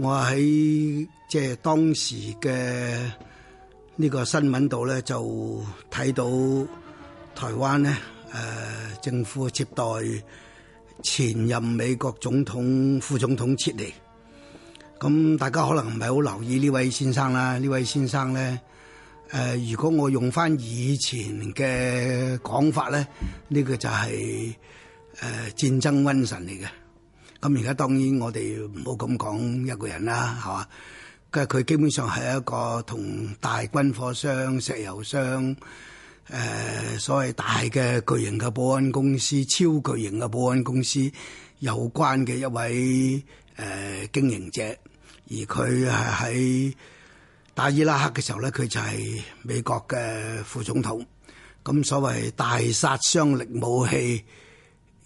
我喺即係當時嘅呢個新聞度咧，就睇到台灣咧誒、呃、政府接待前任美國總統、副總統切尼。咁大家可能唔係好留意呢位先生啦，呢位先生咧誒、呃，如果我用返以前嘅講法咧，呢、這個就係、是、誒、呃、戰爭瘟神嚟嘅。咁而家當然我哋唔好咁講一個人啦，係嘛？嘅佢基本上係一個同大軍火商、石油商、誒、呃、所謂大嘅巨型嘅保安公司、超巨型嘅保安公司有關嘅一位誒、呃、經營者，而佢係喺打伊拉克嘅時候咧，佢就係美國嘅副總統。咁所謂大殺傷力武器。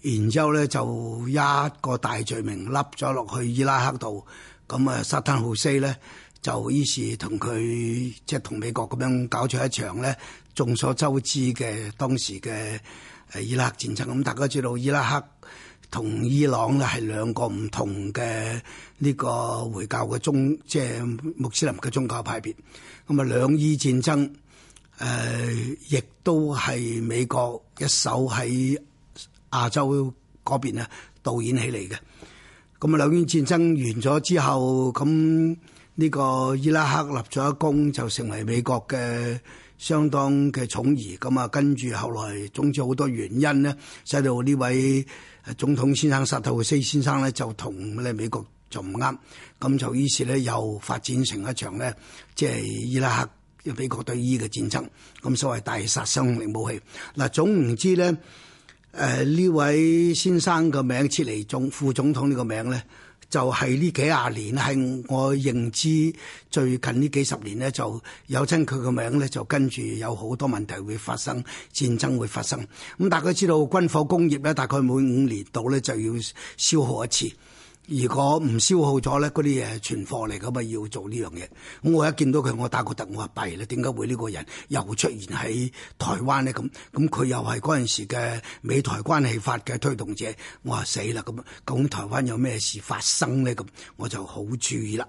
然之後咧，就一個大罪名笠咗落去伊拉克度，咁啊，沙坦浩斯咧就於是同佢即係同美國咁樣搞出一場咧，眾所周知嘅當時嘅伊拉克戰爭。咁大家知道伊拉克同伊朗咧係兩個唔同嘅呢個回教嘅宗，即係穆斯林嘅宗教派別。咁啊，兩伊戰爭誒、呃，亦都係美國一手喺。亞洲嗰邊啊，導演起嚟嘅。咁啊，兩伊戰爭完咗之後，咁呢個伊拉克立咗一功，就成為美國嘅相當嘅寵兒。咁啊，跟住後來總之好多原因呢，使到呢位總統先生薩達姆先生呢，就同咧美國就唔啱。咁就於是呢，又發展成一場呢，即係伊拉克美國對伊嘅戰爭。咁所謂大殺傷力武器。嗱，總言之呢。誒呢、uh，位先生嘅名切尼總副總統呢個名咧，就係、是、呢幾廿年，係我認知最近呢幾十年咧，就有親佢個名咧，就跟住有好多問題會發生，戰爭會發生。咁、嗯、大家知道軍火工業咧，大概每五年度咧就要消耗一次。如果唔消耗咗咧，嗰啲嘢存貨嚟噶嘛，要做呢樣嘢。咁我一見到佢，我打個突，我話弊啦，點解會呢個人又出現喺台灣咧？咁咁佢又係嗰陣時嘅美台關係法嘅推動者，我話死啦！咁咁台灣有咩事發生咧？咁我就好注意啦。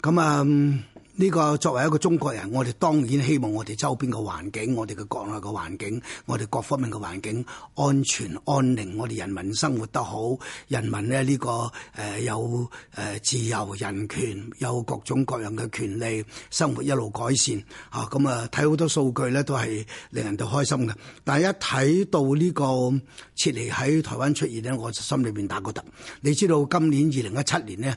咁啊。嗯呢個作為一個中國人，我哋當然希望我哋周邊嘅環境，我哋嘅國內嘅環境，我哋各方面嘅環境安全安寧，我哋人民生活得好，人民咧呢、呢個誒、呃、有誒、呃、自由人權，有各種各樣嘅權利，生活一路改善嚇，咁啊睇好、嗯、多數據呢都係令人哋開心嘅。但係一睇到呢、呢個切尼喺台灣出現呢，我心裏邊打個突。你知道今年二零一七年呢。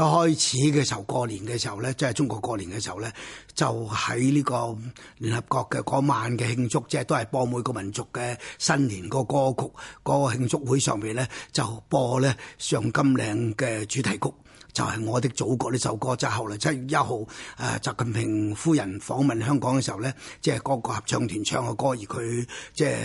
一開始嘅時候過年嘅時候咧，即係中國過年嘅時候咧，就喺呢個聯合國嘅晚嘅慶祝，即係都係播每個民族嘅新年個歌曲，嗰個慶祝會上邊咧，就播咧《上金嶺》嘅主題曲，就係我的祖國呢首歌。就係後來七月一號誒習近平夫人訪問香港嘅時候咧，即係個合唱團唱嘅歌，而佢即係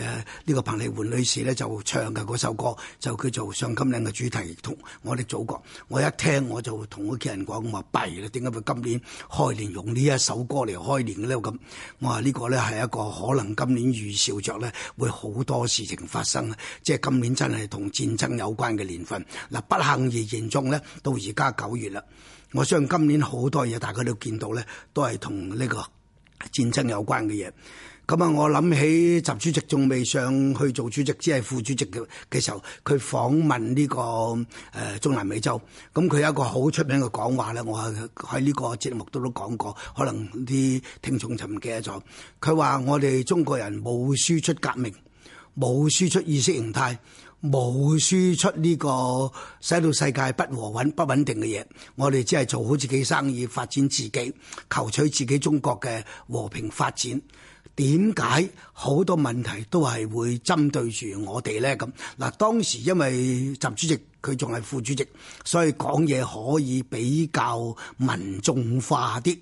呢個彭麗媛女士咧就唱嘅首歌就叫做《上金嶺》嘅主題同我的祖國，我一聽我就～同屋企人講，我話弊啦，點解佢今年開年用呢一首歌嚟開年嘅咧？我咁，我話呢個咧係一個可能今年預兆着咧會好多事情發生，即係今年真係同戰爭有關嘅年份。嗱，不幸而言中咧，到而家九月啦，我相信今年好多嘢大家都見到咧，都係同呢個戰爭有關嘅嘢。咁啊，我諗起習主席仲未上去做主席，只係副主席嘅嘅時候，佢訪問呢個誒中南美洲。咁佢有一個好出名嘅講話咧，我喺呢個節目都都講過。可能啲聽眾就唔記得咗。佢話我哋中國人冇輸出革命，冇輸出意識形態，冇輸出呢個使到世界不和穩不穩定嘅嘢。我哋只係做好自己生意，發展自己，求取自己中國嘅和平發展。點解好多問題都係會針對住我哋咧？咁嗱，當時因為習主席佢仲係副主席，所以講嘢可以比較民眾化啲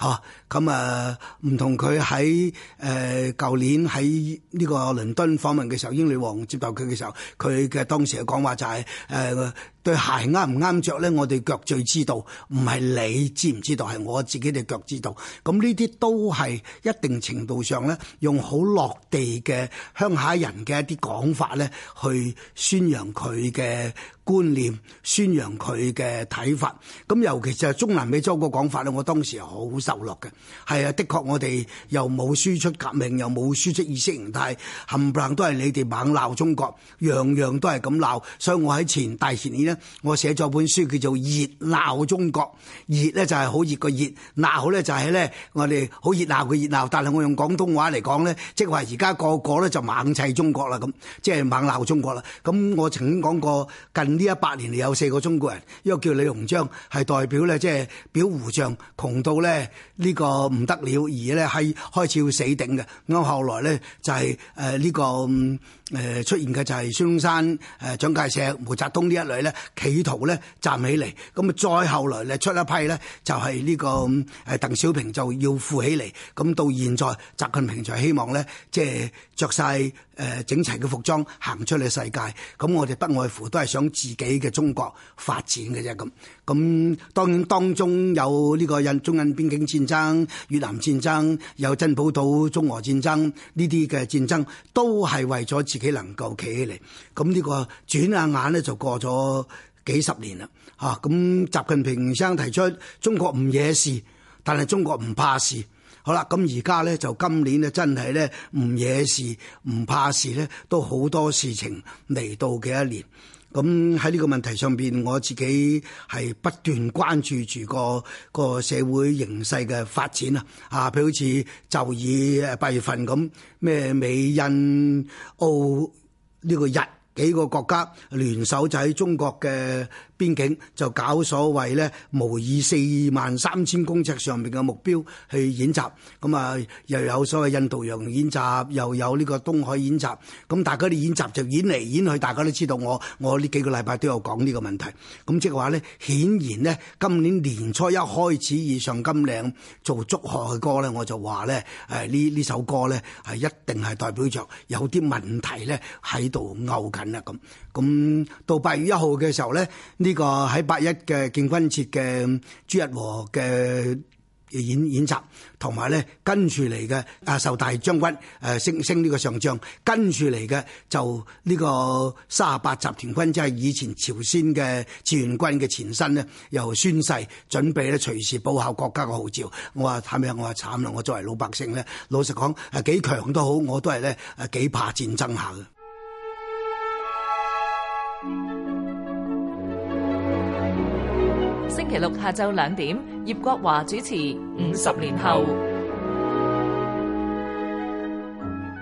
嚇。咁啊，唔、嗯、同佢喺誒舊年喺呢個倫敦訪問嘅時候，英女王接受佢嘅時候，佢嘅當時嘅講話就係、是、誒。呃對鞋啱唔啱着咧，我哋腳最知道，唔係你知唔知道，係我自己嘅腳知道。咁呢啲都係一定程度上咧，用好落地嘅鄉下人嘅一啲講法咧，去宣揚佢嘅觀念，宣揚佢嘅睇法。咁尤其就係中南美洲個講法咧，我當時好受落嘅。係啊，的確我哋又冇輸出革命，又冇輸出意識形態，冚唪唥都係你哋猛鬧中國，樣樣都係咁鬧。所以我喺前大前年咧。我寫咗本書叫做《熱鬧中國》，熱咧就係好熱個熱，鬧好咧就係咧我哋好熱鬧嘅熱鬧。但係我用廣東話嚟講咧，即係話而家個個咧就猛砌中國啦，咁即係猛鬧中國啦。咁我曾經講過，近呢一百年嚟有四個中國人，一個叫李鴻章，係代表咧即係裱糊匠，窮到咧呢個唔得了，而咧係開始要死頂嘅。咁後來咧就係誒呢個誒、呃、出現嘅就係孫中山、誒、呃、蔣介石、毛澤東呢一類咧。企圖咧站起嚟，咁啊再後來咧出一批咧就係呢個誒鄧小平，就要富起嚟。咁到現在習近平就希望咧即係着晒誒整齊嘅服裝行出嚟世界，咁我哋不外乎都係想自己嘅中國發展嘅啫咁。咁當然當中有呢個印中印邊境戰爭、越南戰爭，有珍寶島中俄戰爭呢啲嘅戰爭，都係為咗自己能夠企起嚟。咁呢個轉眼眼咧就過咗幾十年啦，嚇！咁習近平生提出中國唔惹事，但係中國唔怕事。好啦，咁而家咧就今年咧真係咧唔惹事、唔怕事咧，都好多事情嚟到嘅一年。咁喺呢個問題上邊，我自己係不斷關注住個個社會形勢嘅發展啊！啊，譬如好似就以八月份咁，咩美、印、澳呢個日幾個國家聯手就喺中國嘅邊境就搞所謂咧模擬四萬三千公尺上邊嘅目標去演習，咁、嗯、啊又有所謂印度洋演習，又有呢個東海演習，咁、嗯、大家啲演習就演嚟演去，大家都知道我我呢幾個禮拜都有講呢個問題，咁、嗯、即係話咧顯然呢，今年年初一開始以上金嶺做祝賀嘅歌咧，我就話咧誒呢呢、哎、首歌咧係一定係代表著有啲問題咧喺度拗緊啊咁，咁、嗯、到八月一號嘅時候咧。呢個喺八一嘅建軍節嘅朱日和嘅演演習，同埋咧跟住嚟嘅啊，受大將軍誒、啊、升升呢個上將，跟住嚟嘅就呢個三十八集團軍，即係以前朝鮮嘅志願軍嘅前身咧，又宣誓準備咧隨時報效國家嘅號召。我話睇咩？我話慘啦！我作為老百姓咧，老實講係幾強都好，我都係咧誒幾怕戰爭下嘅。星期六下晝兩點，葉國華主持《五十年後》。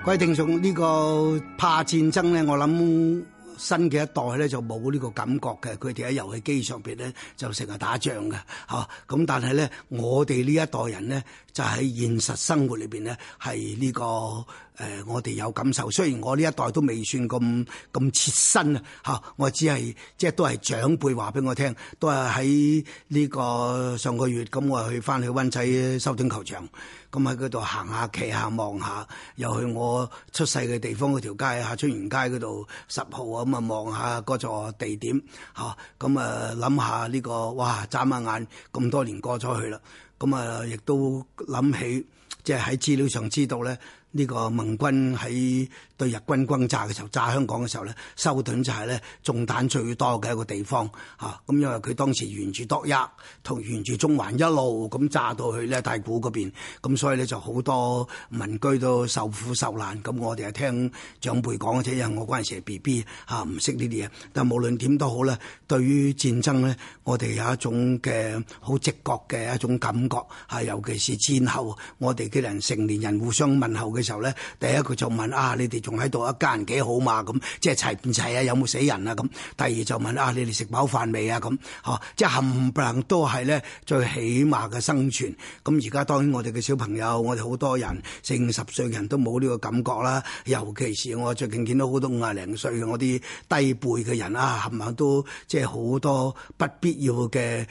規定上呢個怕戰爭咧，我諗。新嘅一代咧就冇呢個感覺嘅，佢哋喺遊戲機上邊咧就成日打仗嘅嚇。咁但係咧，我哋呢一代人咧就喺現實生活裏邊咧係呢個誒、呃，我哋有感受。雖然我呢一代都未算咁咁切身嚇，我只係即係都係長輩話俾我聽，都係喺呢個上個月咁，我去翻去灣仔修整球場。咁喺嗰度行下、企下、望下，又去我出世嘅地方嗰條街啊，春園街嗰度十號啊，咁啊望下嗰座地點嚇，咁啊諗下呢個哇，眨下眼咁多年過咗去啦，咁啊亦都諗起，即係喺資料上知道咧，呢個盟軍喺對日軍轟、轟炸嘅時候，炸香港嘅時候咧，修頓就係咧中彈最多嘅一個地方嚇。咁、啊、因為佢當時沿住篤一同沿住中環一路咁炸到去咧太古嗰邊，咁、啊、所以咧就好多民居都受苦受難。咁、啊、我哋係聽長輩講嘅啫，因為我嗰陣時係 B B 嚇、啊，唔識呢啲嘢。但無論點都好咧，對於戰爭咧，我哋有一種嘅好直覺嘅一種感覺嚇、啊。尤其是戰後，我哋嘅人成年人互相問候嘅時候咧，第一個就問啊你哋，仲喺度一家人幾好嘛咁，即係齊唔齊啊？有冇死人啊咁？第二就問啊，你哋食飽飯未啊咁？吓，即係冚唪唥都係咧最起碼嘅生存。咁而家當然我哋嘅小朋友，我哋好多人四十歲嘅人都冇呢個感覺啦。尤其是我最近見到好多五廿零歲嘅我啲低輩嘅人啊，冚唪唥都即係好多不必要嘅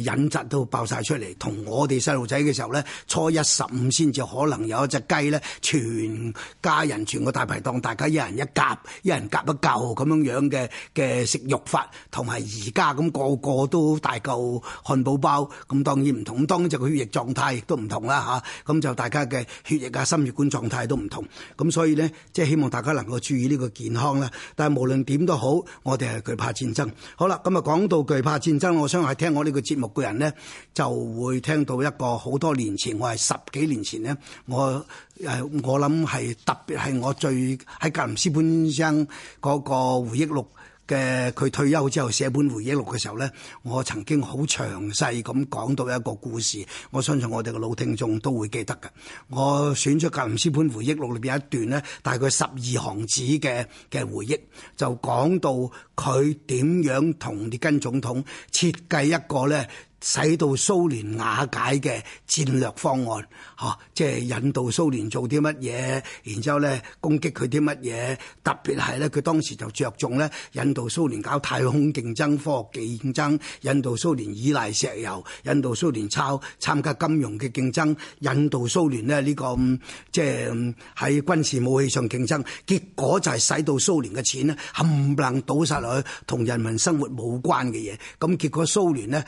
誒隱疾都爆晒出嚟。同我哋細路仔嘅時候咧，初一十五先至可能有一隻雞咧，全家人全個大排，當大家一人一夾，一人夾一嚿咁樣樣嘅嘅食肉法，同埋而家咁個個都大嚿漢堡包，咁當然唔同。咁當就個血液狀態亦都唔同啦嚇。咁就大家嘅血液啊、心血管狀態都唔同。咁所以咧，即係希望大家能夠注意呢個健康啦。但係無論點都好，我哋係懼怕戰爭。好啦，咁啊講到懼怕戰爭，我想係聽我呢個節目嘅人咧，就會聽到一個好多年前，我係十幾年前咧，我。誒，我諗係特別係我最喺格林斯潘嗰個回憶錄嘅，佢退休之後寫本回憶錄嘅時候咧，我曾經好詳細咁講到一個故事，我相信我哋嘅老聽眾都會記得㗎。我選出格林斯潘回憶錄入邊一段呢，大概十二行字嘅嘅回憶，就講到佢點樣同列根總統設計一個咧。使到蘇聯瓦解嘅戰略方案，嚇、啊，即係引導蘇聯做啲乜嘢，然之後咧攻擊佢啲乜嘢。特別係咧，佢當時就着重咧，引導蘇聯搞太空競爭、科技競爭，引導蘇聯依賴石油，引導蘇聯抄參加金融嘅競爭，引導蘇聯呢，呢、嗯、個即係喺、嗯、軍事武器上競爭。結果就係使到蘇聯嘅錢呢冚唪唥倒曬落去同人民生活冇關嘅嘢，咁結果蘇聯呢。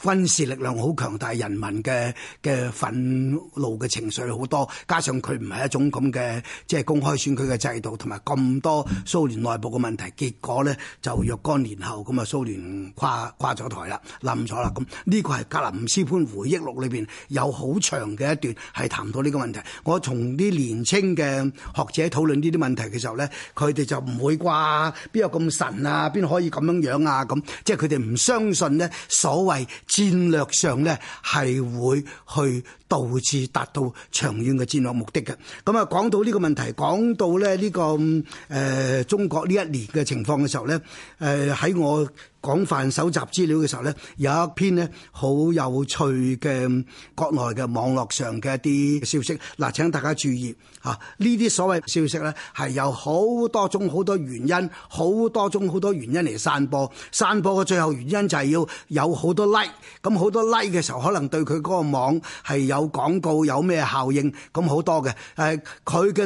軍事力量好強大，人民嘅嘅憤怒嘅情緒好多，加上佢唔係一種咁嘅即係公開選舉嘅制度，同埋咁多蘇聯內部嘅問題，結果咧就若干年後咁啊，蘇聯垮垮咗台啦，冧咗啦。咁呢個係格林斯潘回憶錄裏邊有好長嘅一段係談到呢個問題。我從啲年青嘅學者討論呢啲問題嘅時候咧，佢哋就唔會啩邊有咁神啊，邊可以咁樣樣啊咁，即係佢哋唔相信呢所謂。戰略上咧係會去導致達到長遠嘅戰略目的嘅。咁啊，講到呢個問題，講到咧、這、呢個誒、呃、中國呢一年嘅情況嘅時候咧，誒、呃、喺我。廣泛蒐集資料嘅時候咧，有一篇咧好有趣嘅國內嘅網絡上嘅一啲消息。嗱，請大家注意啊！呢啲所謂消息咧，係有好多種好多原因，好多種好多原因嚟散播。散播嘅最後原因就係要有好多 like，咁好多 like 嘅時候，可能對佢個網係有廣告有咩效應，咁好多嘅。誒佢嘅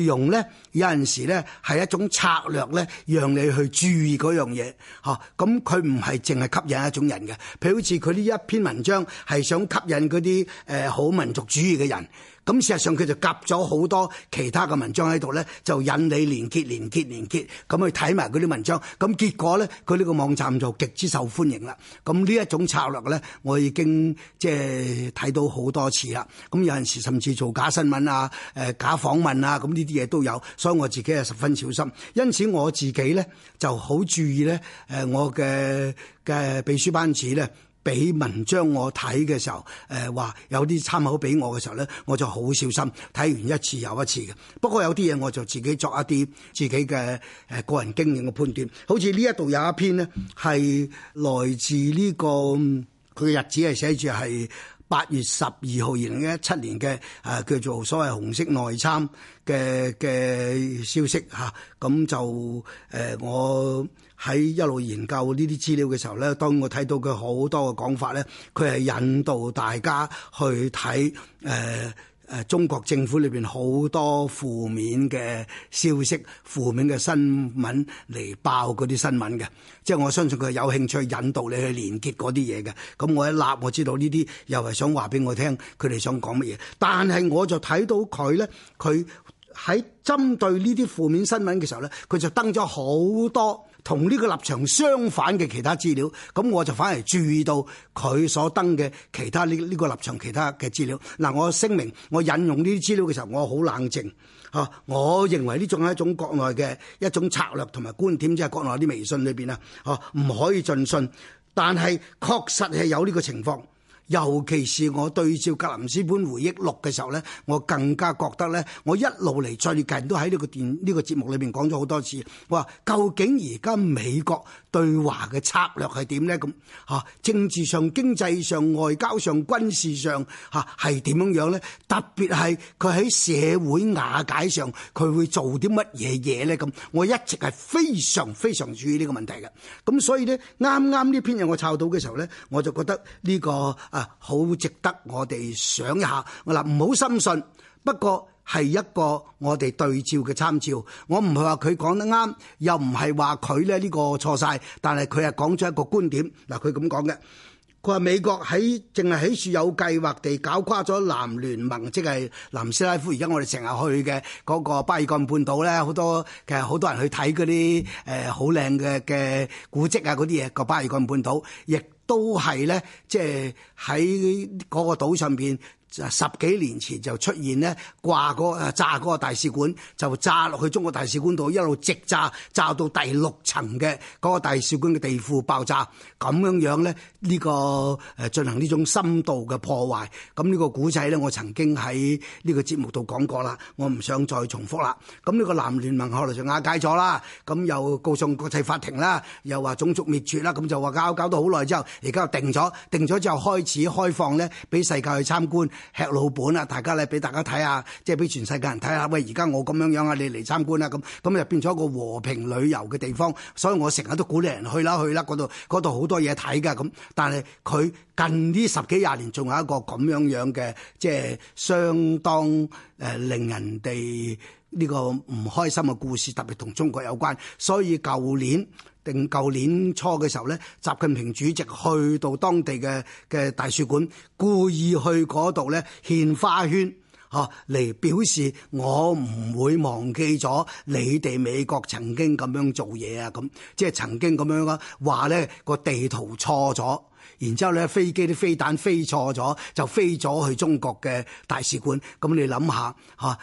內容咧，有陣時咧係一種策略咧，讓你去注意樣嘢。吓咁。佢唔係淨係吸引一種人嘅，譬如好似佢呢一篇文章係想吸引嗰啲誒好民族主義嘅人。咁事實上佢就夾咗好多其他嘅文章喺度咧，就引你連結連結連結，咁去睇埋嗰啲文章，咁結果咧佢呢個網站就極之受歡迎啦。咁呢一種策略咧，我已經即係睇到好多次啦。咁有陣時甚至做假新聞啊、誒假訪問啊，咁呢啲嘢都有，所以我自己係十分小心。因此我自己咧就好注意咧，誒我嘅嘅秘書班子咧，俾文章我睇嘅時候，誒話有啲參考俾我嘅時候咧，我就好小心睇完一次又一次嘅。不過有啲嘢我就自己作一啲自己嘅誒個人經驗嘅判斷。好似呢一度有一篇呢，係來自呢個佢嘅日子係寫住係。八月十二號二零一七年嘅，啊叫做所謂紅色內參嘅嘅消息嚇，咁、啊、就誒、呃、我喺一路研究呢啲資料嘅時候咧，當我睇到佢好多嘅講法咧，佢係引導大家去睇誒。呃誒、啊，中國政府裏邊好多負面嘅消息、負面嘅新聞嚟爆嗰啲新聞嘅，即係我相信佢係有興趣引導你去連結嗰啲嘢嘅。咁我一立我知道呢啲又係想話俾我聽，佢哋想講乜嘢。但係我就睇到佢咧，佢喺針對呢啲負面新聞嘅時候咧，佢就登咗好多，同呢個立場相反嘅其他資料，咁我就反而注意到佢所登嘅其他呢呢個立場其他嘅資料。嗱，我聲明，我引用呢啲資料嘅時候，我好冷靜。嚇，我認為呢種係一種國內嘅一種策略同埋觀點，即係國內啲微信裏邊啊，嚇，唔可以盡信，但係確實係有呢個情況。尤其是我對照格林斯潘回憶錄嘅時候呢，我更加覺得呢，我一路嚟最近都喺呢個電呢個節目裏面講咗好多次，話究竟而家美國對華嘅策略係點呢？咁嚇政治上、經濟上、外交上、軍事上嚇係點樣樣呢？特別係佢喺社會瓦解上，佢會做啲乜嘢嘢呢？咁我一直係非常非常注意呢個問題嘅。咁所以呢，啱啱呢篇嘢我抄到嘅時候呢，我就覺得呢個好值得我哋想一下，嗱，唔好深信，不過係一個我哋對照嘅參照。我唔係話佢講得啱，又唔係話佢咧呢個錯晒，但係佢係講咗一個觀點。嗱，佢咁講嘅，佢話美國喺淨係喺處有計劃地搞垮咗南聯盟，即係南斯拉夫。而家我哋成日去嘅嗰個巴爾幹半島咧，好多其實好多人去睇嗰啲誒好靚嘅嘅古蹟啊，嗰啲嘢個巴爾幹半島亦。都係咧，即係喺嗰個島上邊。十幾年前就出現咧，掛個炸嗰個大使館，就炸落去中國大使館度，一路直，直炸，炸到第六層嘅嗰個大使館嘅地庫爆炸，咁樣樣咧，呢個誒，進行呢種深度嘅破壞。咁呢個古仔咧，我曾經喺呢個節目度講過啦，我唔想再重複啦。咁呢個南聯盟後來就瓦解咗啦，咁又告上國際法庭啦，又話種族滅絕啦，咁就話搞搞到好耐之後，而家又定咗，定咗之後開始開放咧，俾世界去參觀。吃老本啊，大家咧俾大家睇下，即係俾全世界人睇下。喂，而家我咁樣樣啊，你嚟參觀啦、啊、咁，咁就變咗一個和平旅遊嘅地方。所以我成日都鼓勵人去啦去啦嗰度，嗰度好多嘢睇㗎咁。但係佢近呢十幾廿年仲有一個咁樣樣嘅，即係相當誒、呃、令人哋。呢個唔開心嘅故事，特別同中國有關，所以舊年定舊年初嘅時候咧，習近平主席去到當地嘅嘅大使館，故意去嗰度咧獻花圈，嚇嚟表示我唔會忘記咗你哋美國曾經咁樣做嘢啊，咁即係曾經咁樣啊話呢個地圖錯咗。然之後咧，飛機啲飛彈飛錯咗，就飛咗去中國嘅大使館。咁你諗下嚇，誒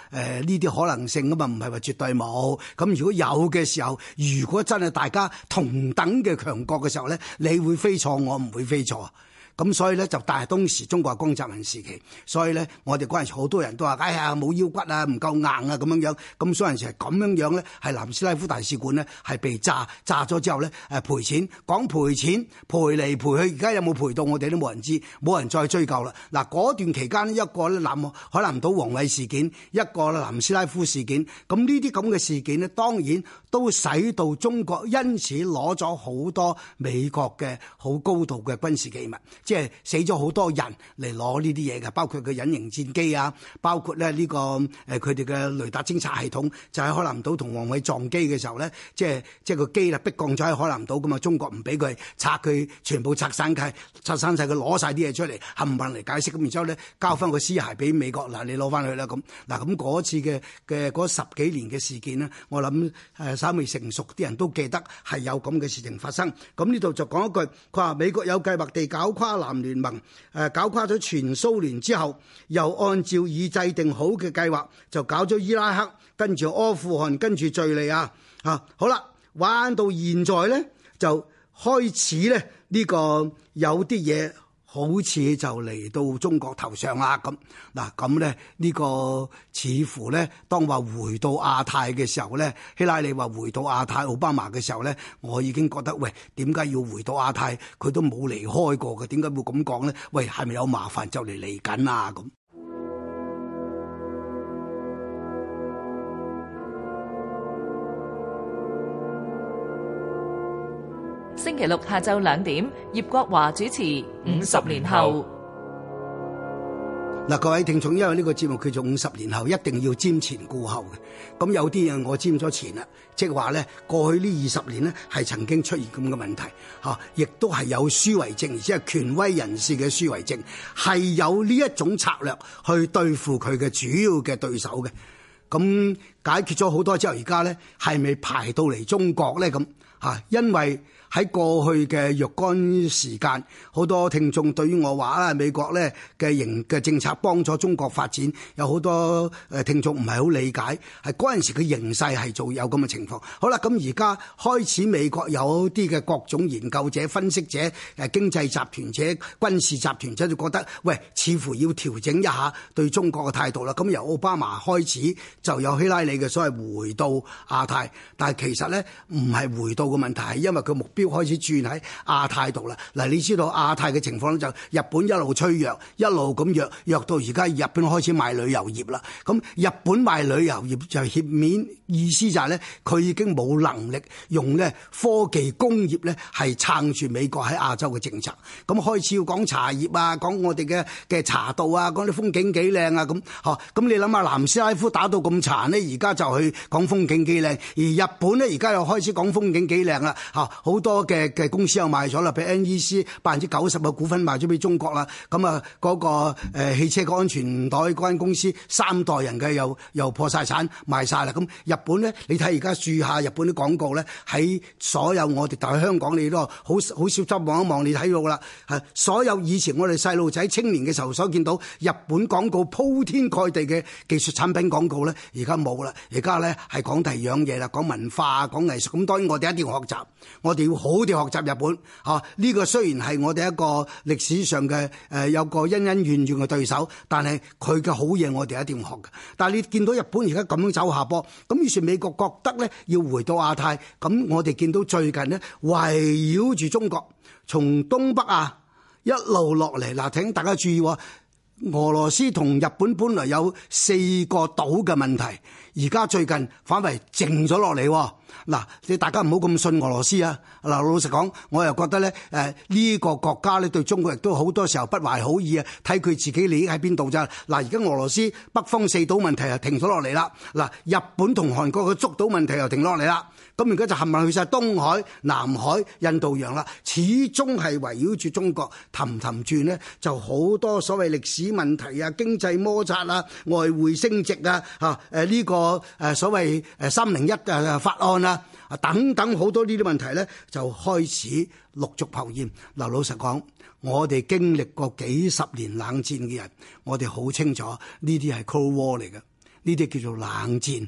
呢啲可能性吖嘛？唔係話絕對冇。咁如果有嘅時候，如果真係大家同等嘅強國嘅時候咧，你會飛錯，我唔會飛錯。咁所以咧就但係當時中國嘅江澤民時期，所以咧我哋嗰陣時好多人都話哎呀，冇腰骨啊，唔夠硬啊咁樣樣。咁所以嗰陣時係咁樣樣咧，係南斯拉夫大使館咧係被炸，炸咗之後咧誒賠錢，講賠錢，賠嚟賠去，而家有冇賠到我哋都冇人知，冇人再追究啦。嗱，嗰段期間咧一個咧南海南島王偉事件，一個南斯拉夫事件，咁呢啲咁嘅事件呢，當然都使到中國因此攞咗好多美國嘅好高度嘅軍事機密。即係死咗好多人嚟攞呢啲嘢嘅，包括佢隱形戰機啊，包括咧、這、呢個誒佢哋嘅雷達偵察系統就喺海南島同王偉撞機嘅時候咧，即係即係個機啦逼降，咗喺海南島咁啊！中國唔俾佢拆佢，拆全部拆散曬，拆散晒佢攞晒啲嘢出嚟，冚唪唥嚟解釋，咁，然之後咧交翻個屍骸俾美國嗱，你攞翻去啦咁嗱，咁次嘅嘅十幾年嘅事件咧，我諗誒稍微成熟啲人都記得係有咁嘅事情發生。咁呢度就講一句，佢話美國有計劃地搞垮。南聯盟誒搞垮咗全蘇聯之後，又按照已制定好嘅計劃就搞咗伊拉克，跟住阿富汗，跟住敘利亞吓、啊，好啦，玩到現在呢，就開始咧呢、呢個有啲嘢。好似就嚟到中國頭上啦咁，嗱咁咧呢、呢個似乎咧，當話回到亞太嘅時候咧，希拉里話回到亞太，奧巴馬嘅時候咧，我已經覺得喂，點解要回到亞太？佢都冇離開過嘅，點解會咁講咧？喂，係咪有麻煩就嚟嚟緊啊？咁？星期六下晝兩點，葉國華主持《五十年後》。嗱，各位聽眾，因為呢個節目叫做《五十年後》，一定要瞻前顧後嘅。咁有啲嘢我瞻咗前啦，即係話咧，過去呢二十年咧係曾經出現咁嘅問題，吓、啊，亦都係有書為證，而且係權威人士嘅書為證，係有呢一種策略去對付佢嘅主要嘅對手嘅。咁解決咗好多之後，而家咧係咪排到嚟中國咧？咁、啊、吓，因為。喺過去嘅若干時間，好多聽眾對於我話啊，美國咧嘅形嘅政策幫助中國發展，有好多誒聽眾唔係好理解，係嗰陣時嘅形勢係做有咁嘅情況。好啦，咁而家開始美國有啲嘅各種研究者、分析者、誒經濟集團者、軍事集團者就覺得，喂，似乎要調整一下對中國嘅態度啦。咁由奧巴馬開始就有希拉里嘅所謂回到亞太，但係其實咧唔係回到嘅問題，係因為佢目。標開始轉喺亞太度啦，嗱，你知道亞太嘅情況咧，就日本一路衰弱，一路咁弱弱到而家日本開始賣旅遊業啦。咁日本賣旅遊業就揭面，意思就係咧，佢已經冇能力用咧科技工業咧係撐住美國喺亞洲嘅政策。咁開始要講茶葉啊，講我哋嘅嘅茶道啊，講啲風景幾靚啊咁。嚇，咁你諗下，南斯拉夫打到咁殘呢，而家就去講風景幾靚，而日本咧而家又開始講風景幾靚啦。嚇，好。多嘅嘅公司又賣咗啦，俾 NEC 百分之九十嘅股份賣咗俾中國啦。咁啊，嗰個誒汽車個安全袋嗰間公司三代人嘅又又破曬產賣曬啦。咁日本咧，你睇而家住下日本啲廣告咧，喺所有我哋大陸香港你都好好少執望一望，你睇到噶啦。係所有以前我哋細路仔青年嘅時候所見到日本廣告鋪天蓋地嘅技術產品廣告咧，而家冇啦。而家咧係講第二樣嘢啦，講文化、講藝術。咁當然我哋一定要學習，我哋要。好哋學習日本，嚇、啊、呢、這個雖然係我哋一個歷史上嘅誒、呃、有個恩恩怨怨嘅對手，但係佢嘅好嘢我哋一定要學嘅。但係你見到日本而家咁樣走下坡，咁於是美國覺得咧要回到亞太，咁我哋見到最近咧圍繞住中國，從東北啊一路落嚟，嗱、啊、請大家注意。俄羅斯同日本本來有四個島嘅問題，而家最近反為靜咗落嚟。嗱，你大家唔好咁信俄羅斯啊！嗱，老實講，我又覺得咧，誒呢個國家咧對中國亦都好多時候不懷好意啊！睇佢自己利益喺邊度咋？嗱，而家俄羅斯北方四島問題又停咗落嚟啦。嗱，日本同韓國嘅竹島問題又停落嚟啦。咁而家就冚唪唥去曬東海、南海、印度洋啦，始終係圍繞住中國氹氹轉咧，就好多所謂歷史問題啊、經濟摩擦啊、外匯升值啊、嚇誒呢個誒所謂誒三零一誒法案啦啊，等等好多呢啲問題咧，就開始陸續浮現。嗱，老實講，我哋經歷過幾十年冷戰嘅人，我哋好清楚呢啲係 cold war 嚟嘅，呢啲叫做冷戰。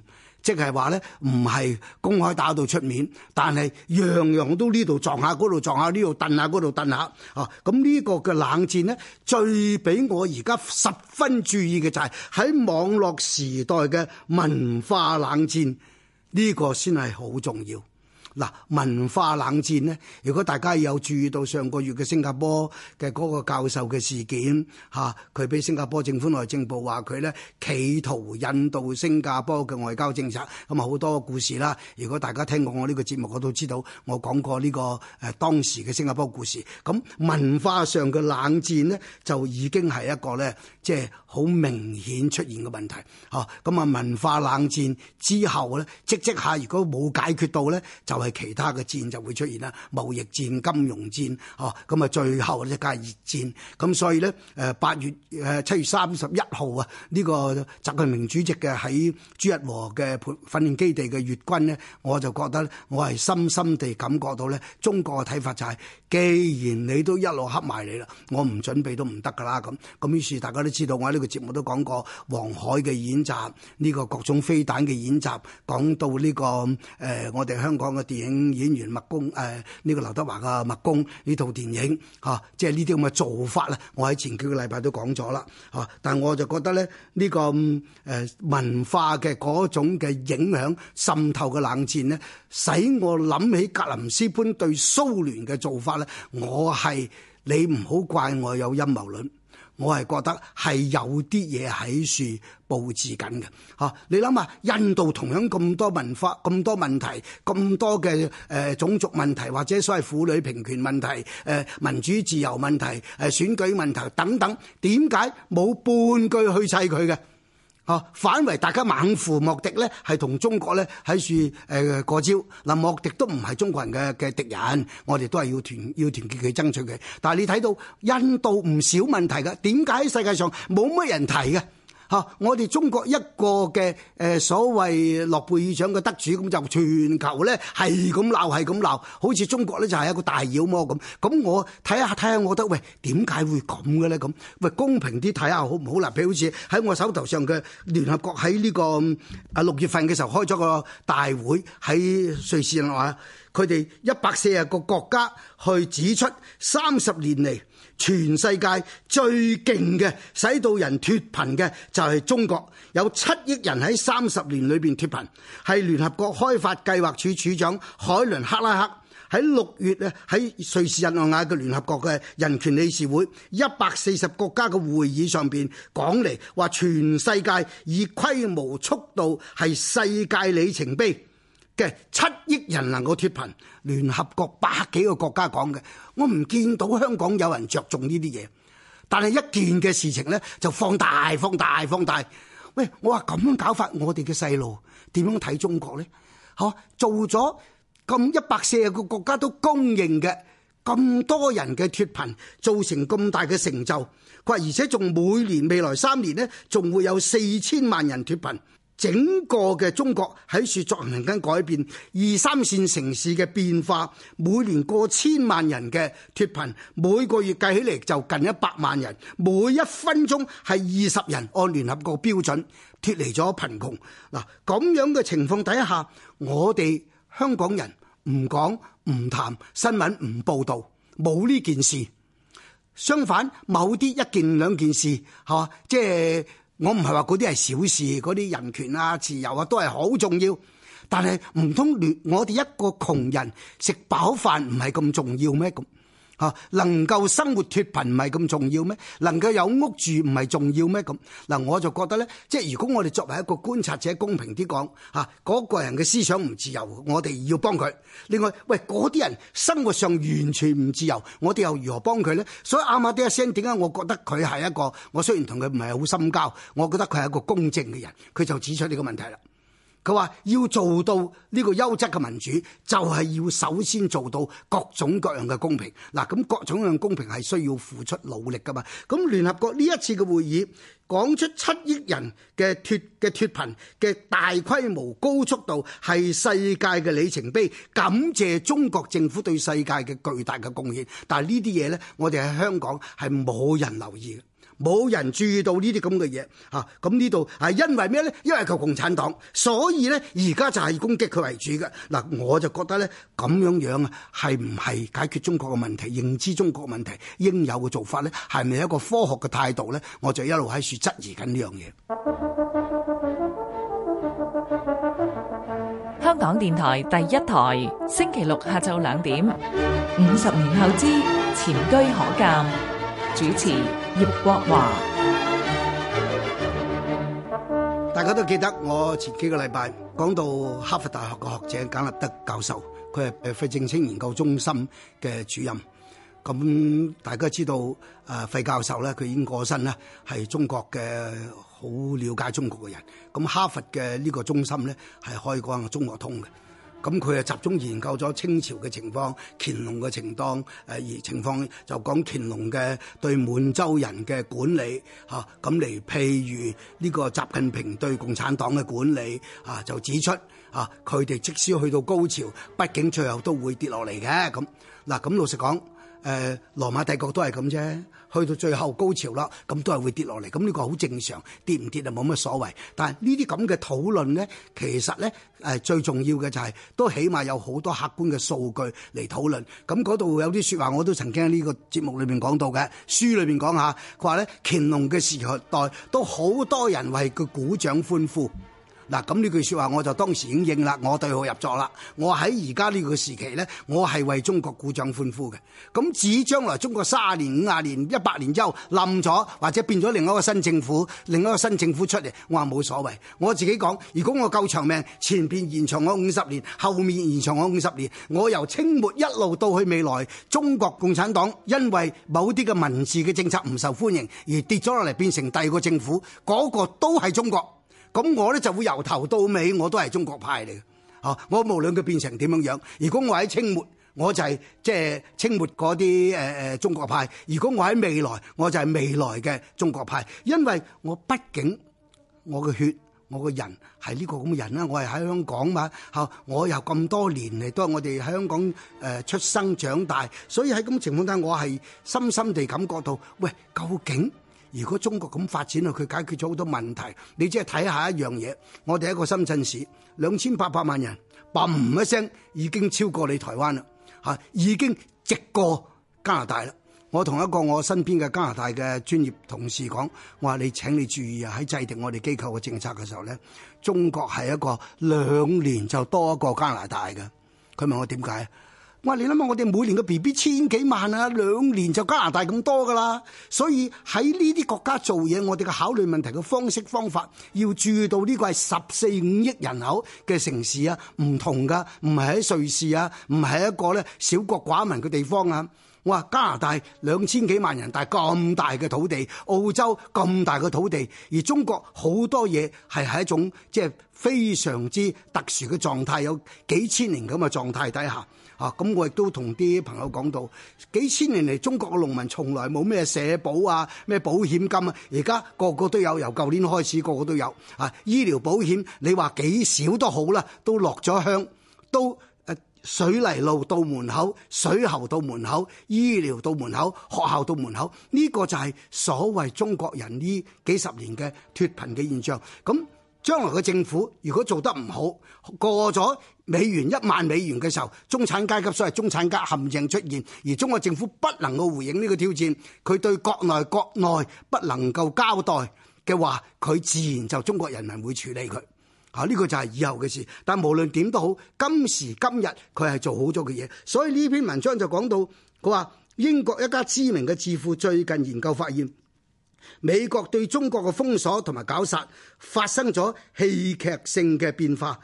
即係話咧，唔係公開打到出面，但係樣樣都呢度撞下，度撞下，呢度蹬下，度蹬下，啊！咁呢個嘅冷戰咧，最俾我而家十分注意嘅就係喺網絡時代嘅文化冷戰，呢個先係好重要。嗱，文化冷戰咧，如果大家有注意到上個月嘅新加坡嘅嗰個教授嘅事件，嚇佢俾新加坡政府內政部話佢咧，企圖引導新加坡嘅外交政策，咁啊好多故事啦。如果大家聽過我呢個節目，我都知道我講過呢個誒當時嘅新加坡故事。咁文化上嘅冷戰咧，就已經係一個咧，即係好明顯出現嘅問題。哦，咁啊文化冷戰之後咧，即即下如果冇解決到咧，就係、是。其他嘅戰就會出現啦，貿易戰、金融戰，哦，咁啊，最後咧就係熱戰。咁所以咧，誒八月誒七月三十一號啊，呢、這個習近平主席嘅喺朱日和嘅訓練基地嘅越軍呢，我就覺得我係深深地感覺到咧，中國嘅睇法就係、是，既然你都一路黑埋你啦，我唔準備都唔得噶啦。咁咁於是大家都知道，我喺呢個節目都講過黃海嘅演習，呢、這個各種飛彈嘅演習，講到呢、這個誒、呃、我哋香港嘅。電影演員麥公，誒，呢個劉德華嘅麥公呢套電影嚇、啊，即係呢啲咁嘅做法咧，我喺前幾個禮拜都講咗啦嚇，但係我就覺得咧，呢、呢個誒、呃、文化嘅嗰種嘅影響滲透嘅冷戰咧，使我諗起格林斯潘對蘇聯嘅做法咧，我係你唔好怪我有陰謀論。我係覺得係有啲嘢喺度佈置緊嘅吓，你諗下印度同樣咁多文化、咁多問題、咁多嘅誒、呃、種族問題，或者所謂婦女平權問題、誒、呃、民主自由問題、誒、呃、選舉問題等等，點解冇半句去砌佢嘅？反為大家猛扶莫迪咧，係同中國咧喺住喺處誒過招。嗱，莫迪都唔係中國人嘅嘅敵人，我哋都係要團要團結佢，爭取佢。但係你睇到印度唔少問題㗎，點解世界上冇乜人提嘅？嚇！我哋中國一個嘅誒所謂諾貝爾獎嘅得主，咁就全球咧係咁鬧係咁鬧，好似中國咧就係一個大妖魔咁。咁我睇下睇下，我覺得喂，點解會咁嘅咧？咁喂，公平啲睇下好唔好啦？譬如好似喺我手頭上嘅聯合國喺呢個啊六月份嘅時候開咗個大會喺瑞士啊嘛。佢哋一百四十個國家去指出，三十年嚟全世界最勁嘅，使到人脫貧嘅就係中國，有七億人喺三十年裏邊脫貧。係聯合國開發計劃署署長海倫克拉克喺六月咧喺瑞士日內瓦嘅聯合國嘅人權理事會一百四十國家嘅會議上邊講嚟話，全世界以規模速度係世界里程碑。嘅七億人能夠脫貧，聯合國百幾個國家講嘅，我唔見到香港有人著重呢啲嘢。但係一件嘅事情呢，就放大、放大、放大。喂，我話咁樣搞法，我哋嘅細路點樣睇中國呢？嚇，做咗咁一百四十個國家都公認嘅咁多人嘅脫貧，造成咁大嘅成就。佢話而且仲每年未來三年呢，仲會有四千萬人脫貧。整個嘅中國喺説作緊改變，二三線城市嘅變化，每年過千萬人嘅脫貧，每個月計起嚟就近一百萬人，每一分鐘係二十人按聯合國標準脫離咗貧窮。嗱，咁樣嘅情況底下，我哋香港人唔講唔談新聞唔報導冇呢件事，相反某啲一件兩件事，嚇、啊，即係。我唔係話嗰啲係小事，嗰啲人權啊、自由啊都係好重要。但係唔通我哋一個窮人食飽飯唔係咁重要咩？咁？嚇，能夠生活脫貧唔係咁重要咩？能夠有屋住唔係重要咩？咁嗱，我就覺得咧，即係如果我哋作為一個觀察者，公平啲講，嚇，嗰個人嘅思想唔自由，我哋要幫佢。另外，喂嗰啲人生活上完全唔自由，我哋又如何幫佢咧？所以啱啱啲一聲，點解我覺得佢係一個，我雖然同佢唔係好深交，我覺得佢係一個公正嘅人，佢就指出呢個問題啦。佢話要做到呢個優質嘅民主，就係要首先做到各種各樣嘅公平。嗱，咁各種各樣公平係需要付出努力噶嘛。咁聯合國呢一次嘅會議講出七億人嘅脱嘅脱貧嘅大規模高速度，係世界嘅里程碑。感謝中國政府對世界嘅巨大嘅貢獻。但係呢啲嘢咧，我哋喺香港係冇人留意。冇人注意到呢啲咁嘅嘢，吓，咁呢度係因為咩咧？因為係共產黨，所以咧而家就係攻擊佢為主嘅。嗱，我就覺得咧咁樣樣係唔係解決中國嘅問題、認知中國問題應有嘅做法咧？係咪一個科學嘅態度咧？我就一路喺度質疑緊呢樣嘢。香港電台第一台，星期六下晝兩點，五十年後之前車可鑑，主持。葉國華，大家都記得我前幾個禮拜講到哈佛大學嘅學者簡立德教授，佢係誒費正清研究中心嘅主任。咁大家知道誒費教授咧，佢已經過身啦，係中國嘅好了解中國嘅人。咁哈佛嘅呢個中心咧，係可以講中國通嘅。咁佢啊集中研究咗清朝嘅情況，乾隆嘅情況，誒而情況就講乾隆嘅對滿洲人嘅管理嚇，咁嚟譬如呢個習近平對共產黨嘅管理啊，就指出啊，佢哋即使去到高潮，畢竟最後都會跌落嚟嘅咁。嗱、啊、咁、啊、老實講。誒羅馬帝國都係咁啫，去到最後高潮啦，咁都係會跌落嚟，咁呢個好正常，跌唔跌啊冇乜所謂。但係呢啲咁嘅討論咧，其實咧誒最重要嘅就係、是、都起碼有好多客觀嘅數據嚟討論。咁嗰度有啲説話我都曾經喺呢個節目裏邊講到嘅書裏邊講下，佢話咧乾隆嘅時代都好多人為佢鼓掌歡呼。嗱，咁呢句說話我就當時已經應啦。我對號入座啦。我喺而家呢個時期呢，我係為中國鼓掌歡呼嘅。咁至於將來中國三十年、五十年、一百年之後冧咗，或者變咗另一個新政府、另一個新政府出嚟，我話冇所謂。我自己講，如果我夠長命，前邊延長我五十年，後面延長我五十年，我由清末一路到去未來，中國共產黨因為某啲嘅文字嘅政策唔受歡迎而跌咗落嚟，變成第二個政府，嗰、嗰個都係中國。咁我咧就會由頭到尾我都係中國派嚟嘅，哦！我無論佢變成點樣樣，如果我喺清末，我就係即係清末嗰啲誒誒中國派；如果我喺未來，我就係未來嘅中國派，因為我畢竟我嘅血、我嘅人係呢個咁嘅人啦，我係喺香港嘛，吓我又咁多年嚟都係我哋喺香港誒出生長大，所以喺咁嘅情況下，我係深深地感覺到，喂，究竟？如果中國咁發展啊，佢解決咗好多問題。你只係睇下一樣嘢，我哋喺個深圳市兩千八百萬人，嘣一聲已經超過你台灣啦，嚇已經直過加拿大啦。我同一個我身邊嘅加拿大嘅專業同事講，我話你請你注意啊，喺制定我哋機構嘅政策嘅時候咧，中國係一個兩年就多過加拿大嘅。佢問我點解？哇，你想想我話你諗下，我哋每年嘅 B B 千幾萬啊，兩年就加拿大咁多噶啦。所以喺呢啲國家做嘢，我哋嘅考慮問題嘅方式方法要注意到呢個係十四五億人口嘅城市啊，唔同噶，唔係喺瑞士啊，唔係一個咧小國寡民嘅地方啊。我話加拿大兩千幾萬人，但係咁大嘅土地，澳洲咁大嘅土地，而中國好多嘢係喺一種即係非常之特殊嘅狀態，有幾千年咁嘅狀態底下。啊！咁我亦都同啲朋友講到，幾千年嚟中國嘅農民從來冇咩社保啊，咩保險金啊，而家個個都有，由舊年開始個個都有啊。醫療保險你話幾少都好啦，都落咗鄉，都誒、啊、水泥路到門口，水喉到門口，醫療到門口，學校到門口，呢、這個就係所謂中國人呢幾十年嘅脫貧嘅現象。咁、啊、將來嘅政府如果做得唔好，過咗～美元一萬美元嘅時候，中產階級所謂中產階級陷阱出現，而中國政府不能夠回應呢個挑戰，佢對國內國內不能夠交代嘅話，佢自然就中國人民會處理佢。吓、啊、呢、這個就係以後嘅事。但無論點都好，今時今日佢係做好咗嘅嘢。所以呢篇文章就講到，佢話英國一家知名嘅智庫最近研究發現，美國對中國嘅封鎖同埋絞殺發生咗戲劇性嘅變化。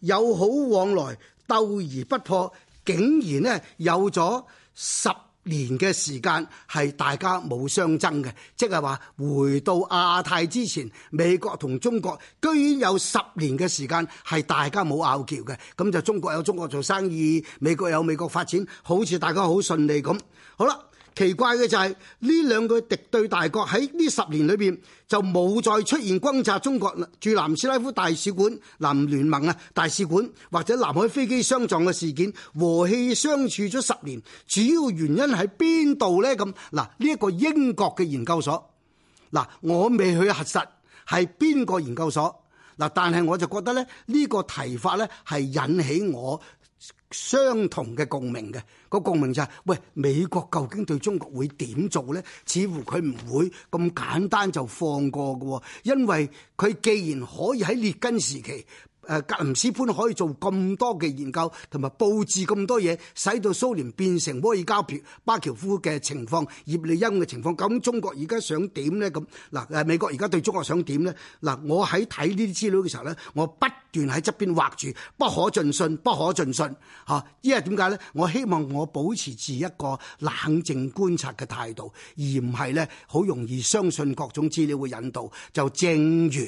友好往來鬥而不破，竟然咧有咗十年嘅時間係大家冇相爭嘅，即係話回到亞太之前，美國同中國居然有十年嘅時間係大家冇拗撬嘅，咁就中國有中國做生意，美國有美國發展，好似大家好順利咁。好啦。奇怪嘅就係呢兩個敵對大國喺呢十年裏邊就冇再出現轟炸中國駐南斯拉夫大使館，南聯盟啊大使館或者南海飛機相撞嘅事件，和氣相處咗十年，主要原因喺邊度咧？咁嗱，呢一個英國嘅研究所，嗱我未去核實係邊個研究所，嗱但係我就覺得咧，呢個提法咧，係引起我。相同嘅共鳴嘅，個共鳴就係喂，美國究竟對中國會點做咧？似乎佢唔會咁簡單就放過嘅，因為佢既然可以喺列根時期。誒格林斯潘可以做咁多嘅研究，同埋布置咁多嘢，使到蘇聯變成摩爾加條巴喬夫嘅情況，葉利欽嘅情況，咁中國而家想點呢？咁嗱，誒美國而家對中國想點呢？嗱，我喺睇呢啲資料嘅時候咧，我不斷喺側邊畫住不可盡信，不可盡信吓，因為點解咧？我希望我保持住一個冷靜觀察嘅態度，而唔係咧好容易相信各種資料會引導，就正如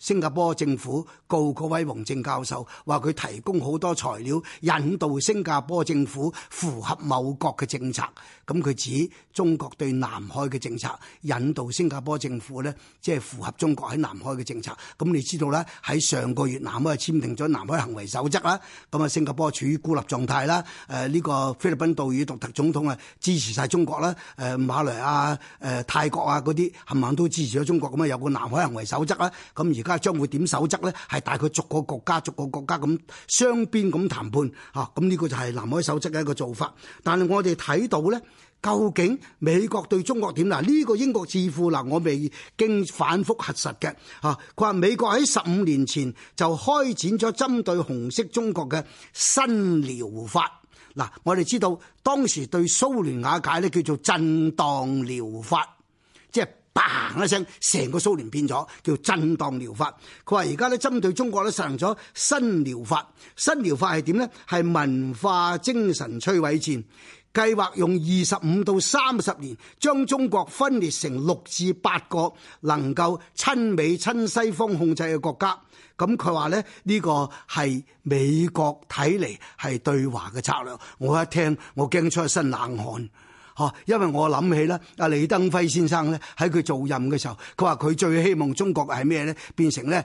新加坡政府告嗰位王正教授，話佢提供好多材料，引導新加坡政府符合某國嘅政策。咁佢指中國對南海嘅政策，引導新加坡政府咧，即係符合中國喺南海嘅政策。咁你知道啦，喺上個月南海簽訂咗南海行為守則啦。咁啊，新加坡處於孤立狀態啦。誒，呢個菲律賓杜特爾特總統啊，支持晒中國啦。誒，馬來亞、誒泰國啊嗰啲，冚唪唥都支持咗中國。咁啊，有個南海行為守則啦。咁而家。將會點守則呢？係大概逐個國家、逐個國家咁雙邊咁談判嚇，咁、啊、呢、這個就係南海守則嘅一個做法。但係我哋睇到呢，究竟美國對中國點啦？呢、啊這個英國智庫嗱、啊，我未經反覆核實嘅嚇。佢、啊、話美國喺十五年前就開展咗針對紅色中國嘅新療法嗱、啊。我哋知道當時對蘇聯瓦解呢叫做震盪療法。嘭一聲，成個蘇聯變咗，叫震盪療法。佢話而家咧針對中國咧實行咗新療法，新療法係點呢？係文化精神摧毀戰，計劃用二十五到三十年將中國分裂成六至八個能夠親美親西方控制嘅國家。咁佢話呢，呢個係美國睇嚟係對華嘅策略。我一聽我驚出一身冷汗。哦，因為我諗起咧，阿李登輝先生咧喺佢做任嘅時候，佢話佢最希望中國係咩咧？變成咧，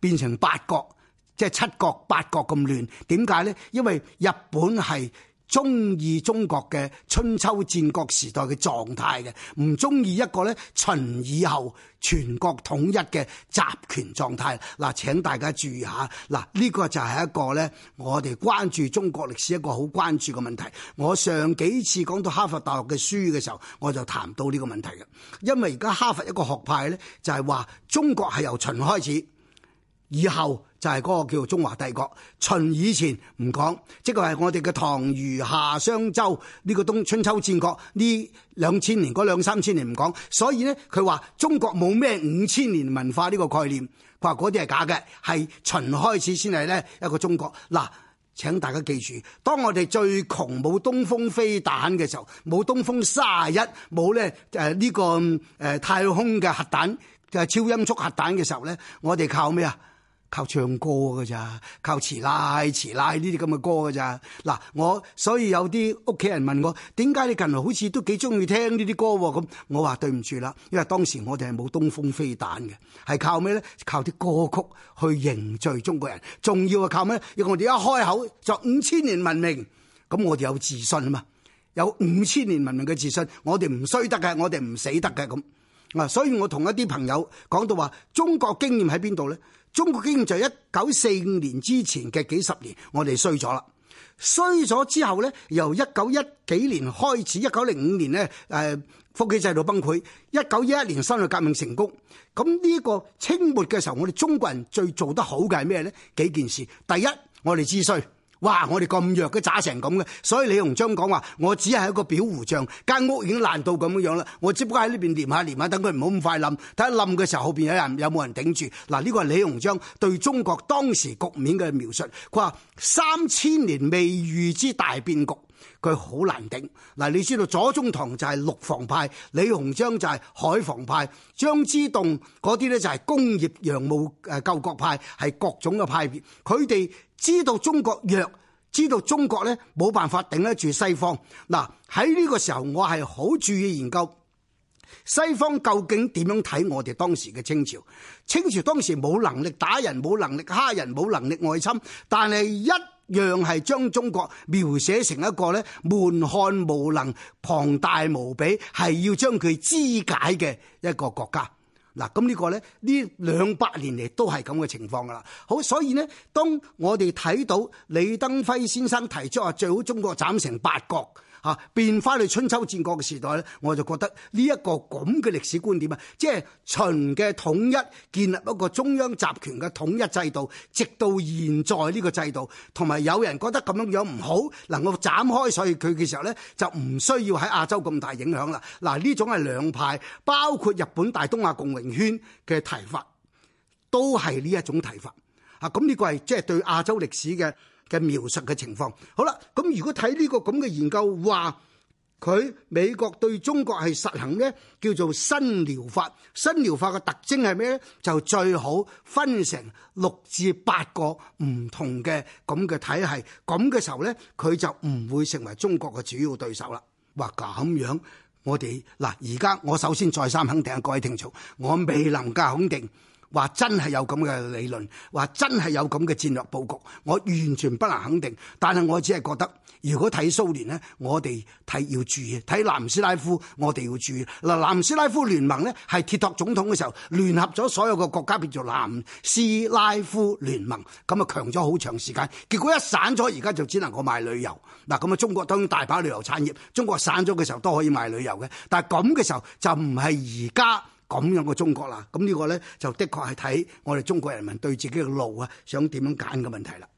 變成八國，即係七國八國咁亂。點解咧？因為日本係中意中國嘅春秋戰國時代嘅狀態嘅，唔中意一個呢秦以後全國統一嘅集權狀態。嗱，請大家注意下，嗱呢個就係一個呢我哋關注中國歷史一個好關注嘅問題。我上幾次講到哈佛大學嘅書嘅時候，我就談到呢個問題嘅，因為而家哈佛一個學派呢，就係話中國係由秦開始。以後就係嗰個叫做中華帝國，秦以前唔講，即係我我哋嘅唐、虞、夏、商、周呢個東春秋戰國呢兩千年嗰兩三千年唔講，所以呢，佢話中國冇咩五千年文化呢個概念，佢話嗰啲係假嘅，係秦開始先係呢一個中國。嗱，請大家記住，當我哋最窮冇東風飛彈嘅時候，冇東風卅一，冇咧誒呢個誒太空嘅核彈嘅超音速核彈嘅時候呢，我哋靠咩啊？靠唱歌嘅咋，靠詞賴詞賴呢啲咁嘅歌嘅咋嗱。我所以有啲屋企人問我，點解你近來好似都幾中意聽呢啲歌咁啊？我話對唔住啦，因為當時我哋係冇東風飛彈嘅，係靠咩咧？靠啲歌曲去凝聚中國人，仲要係靠咩？要我哋一開口就五千年文明，咁我哋有自信啊嘛，有五千年文明嘅自信，我哋唔衰得嘅，我哋唔死得嘅咁嗱。所以我同一啲朋友講到話，中國經驗喺邊度咧？中國經濟喺一九四五年之前嘅幾十年，我哋衰咗啦。衰咗之後呢，由一九一幾年開始，一九零五年呢，誒、呃，封建制度崩潰，一九一一年辛亥革命成功。咁呢個清末嘅時候，我哋中國人最做得好嘅係咩呢？幾件事，第一，我哋自衰。哇！我哋咁弱嘅，炸成咁嘅？所以李鴻章講話，我只係一個裱糊匠，間屋已經爛到咁樣樣啦。我只不過喺呢邊黏下黏下，等佢唔好咁快冧。睇下冧嘅時候，後邊有人有冇人頂住？嗱、啊、呢、這個係李鴻章對中國當時局面嘅描述。佢話三千年未遇之大變局，佢好難頂。嗱、啊，你知道左宗棠就係陸防派，李鴻章就係海防派，張之洞嗰啲咧就係工業洋務誒救國派，係各種嘅派別。佢哋。知道中國弱，知道中國呢冇辦法頂得住西方。嗱，喺呢個時候，我係好注意研究西方究竟點樣睇我哋當時嘅清朝。清朝當時冇能力打人，冇能力蝦人，冇能力外侵，但係一樣，係將中國描寫成一個呢門漢無能、龐大無比，係要將佢肢解嘅一個國家。嗱，咁呢個咧，呢兩百年嚟都係咁嘅情況㗎啦。好，所以咧，當我哋睇到李登輝先生提出話最好中國斬成八國。嚇變翻去春秋戰國嘅時代咧，我就覺得呢、這、一個咁嘅歷史觀點啊，即係秦嘅統一建立一個中央集權嘅統一制度，直到現在呢個制度，同埋有，有人覺得咁樣樣唔好，能夠斬開，所以佢嘅時候咧就唔需要喺亞洲咁大影響啦。嗱，呢種係兩派，包括日本大東亞共榮圈嘅提法，都係呢一種提法。嚇，咁呢個係即係對亞洲歷史嘅。嘅描述嘅情況，好啦，咁如果睇呢個咁嘅研究話，佢美國對中國係實行咧叫做新療法，新療法嘅特徵係咩咧？就最好分成六至八個唔同嘅咁嘅體系，咁嘅時候咧，佢就唔會成為中國嘅主要對手啦。話咁樣，我哋嗱，而家我首先再三肯定，各位聽眾，我未能夠肯定。話真係有咁嘅理論，話真係有咁嘅戰略布局，我完全不能肯定。但係我只係覺得，如果睇蘇聯呢，我哋睇要注意；睇南斯拉夫，我哋要注意。嗱，南斯拉夫聯盟呢，係鐵托總統嘅時候，聯合咗所有嘅國家，變做南斯拉夫聯盟，咁啊強咗好長時間。結果一散咗，而家就只能夠賣旅遊。嗱，咁啊，中國當然大把旅遊產業，中國散咗嘅時候都可以賣旅遊嘅。但係咁嘅時候就唔係而家。咁樣嘅中國啦，咁呢個咧就的確係睇我哋中國人民對自己嘅路啊，想點樣揀嘅問題啦。